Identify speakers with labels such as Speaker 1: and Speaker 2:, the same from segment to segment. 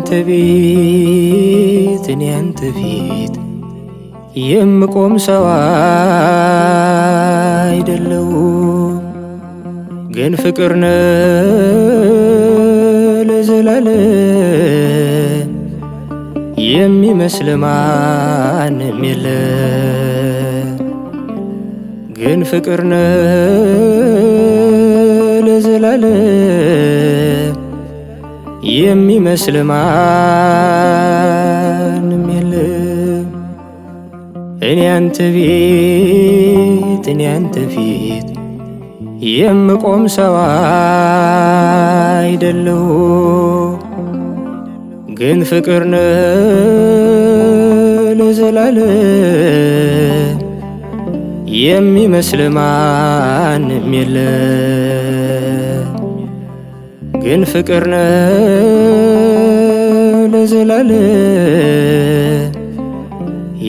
Speaker 1: ያንተ ቤት እኔ ያንተ ፊት የምቆም ሰው አይደለሁም፣ ግን ፍቅር ነ ለዘላለም የሚመስል ማንም የለ፣ ግን ፍቅር ነ ለዘላለም የሚመስል ማንም የለም። እኔ አንተ ቤት እኔ አንተ ፊት የምቆም ሰው አይደለሁ፣ ግን ፍቅር ነ ለዘላለም የሚመስል ማንም የለም። ግን ፍቅር ነ ለዘላለ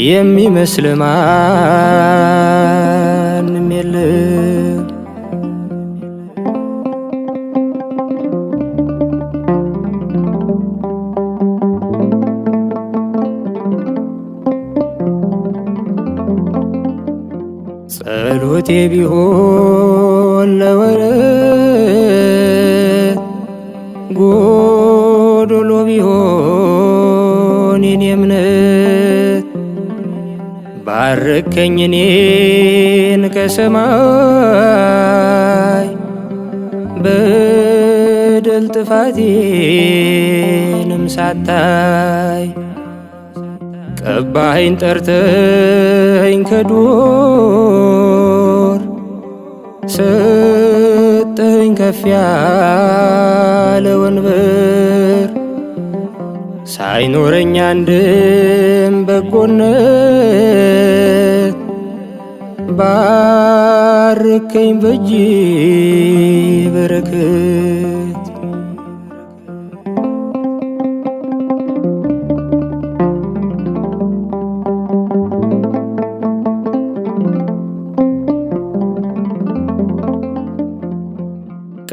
Speaker 1: የሚመስል ማንም የለ ጸሎቴ ቢሆን ለወረ ቢሆን የኔ እምነት ባርከኝ እኔን ከሰማይ በደል ጥፋቴንም ሳታይ ቀባኸኝ ጠርተኸኝ ከዱር ሰጠኸኝ ከፍ ያለ ወንበር ሳይኖረኝ አንድም በጎነት ባርከኝ በእጅ በረከት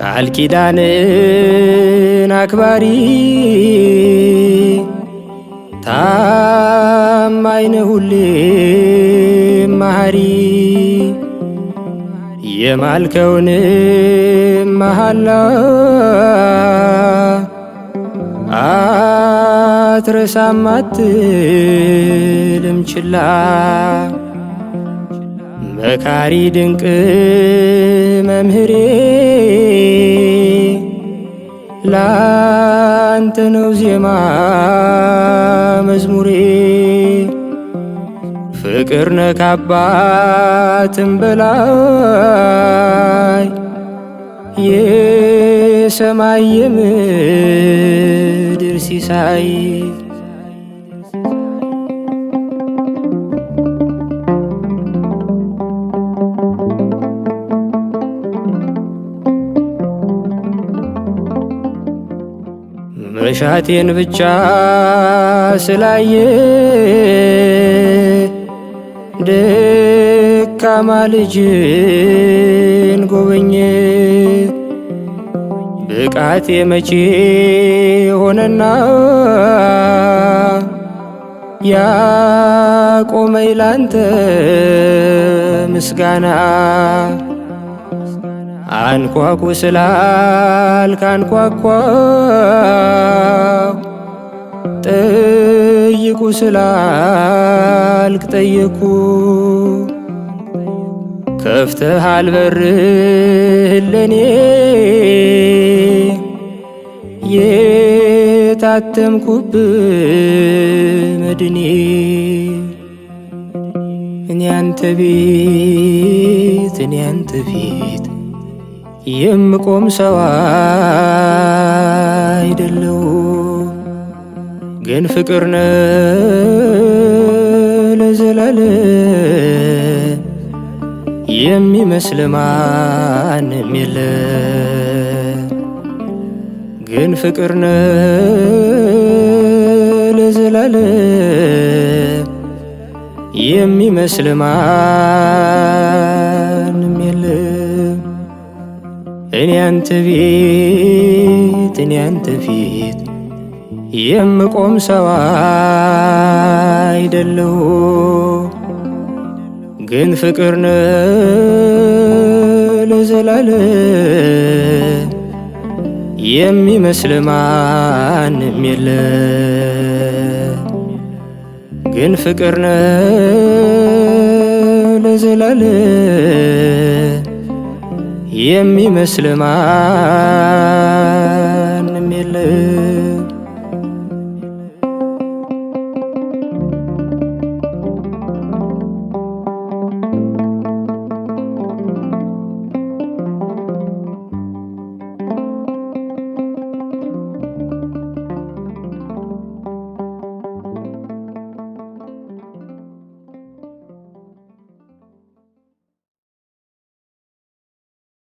Speaker 1: ቃል ኪዳንን አክባሪ ታማይነ ነህ ማሪ የማልከውን መሐላ አትረሳም አትልም ችላ መካሪ ድንቅ መምህሬ ላ ላንተ ነው ዜማ መዝሙሬ ፍቅር ነካባትን በላይ የሰማይ የምድር ሲሳይ መሻቴን ብቻ ስላየ ደካማ ልጅን ጎበኘ። ብቃቴ መቼ ሆነና ያቆመኝ ላንተ ምስጋና አንኳኩ ስላልክ አንኳኳው፣ ጠይቁ ስላልክ ጠየኩ። ከፍተሃል በርህን ለኔ የታተምኩብ መድኔ እኔ አንተ ቤት እኔ አንተ የምቆም ሰው አይደለሁም፣ ግን ፍቅር ነህ ለዘላለ የሚመስል ማንም የለ፣ ግን ፍቅር ነህ ለዘላለ የሚመስል ያንተ ቤት እኔ ያንተ ፊት የምቆም ሰው አይደለሁ፣ ግን ፍቅር ነ ለዘላለ የሚመስል ማንም የለ፣ ግን ፍቅር ነ የሚመስል ማንም የለም።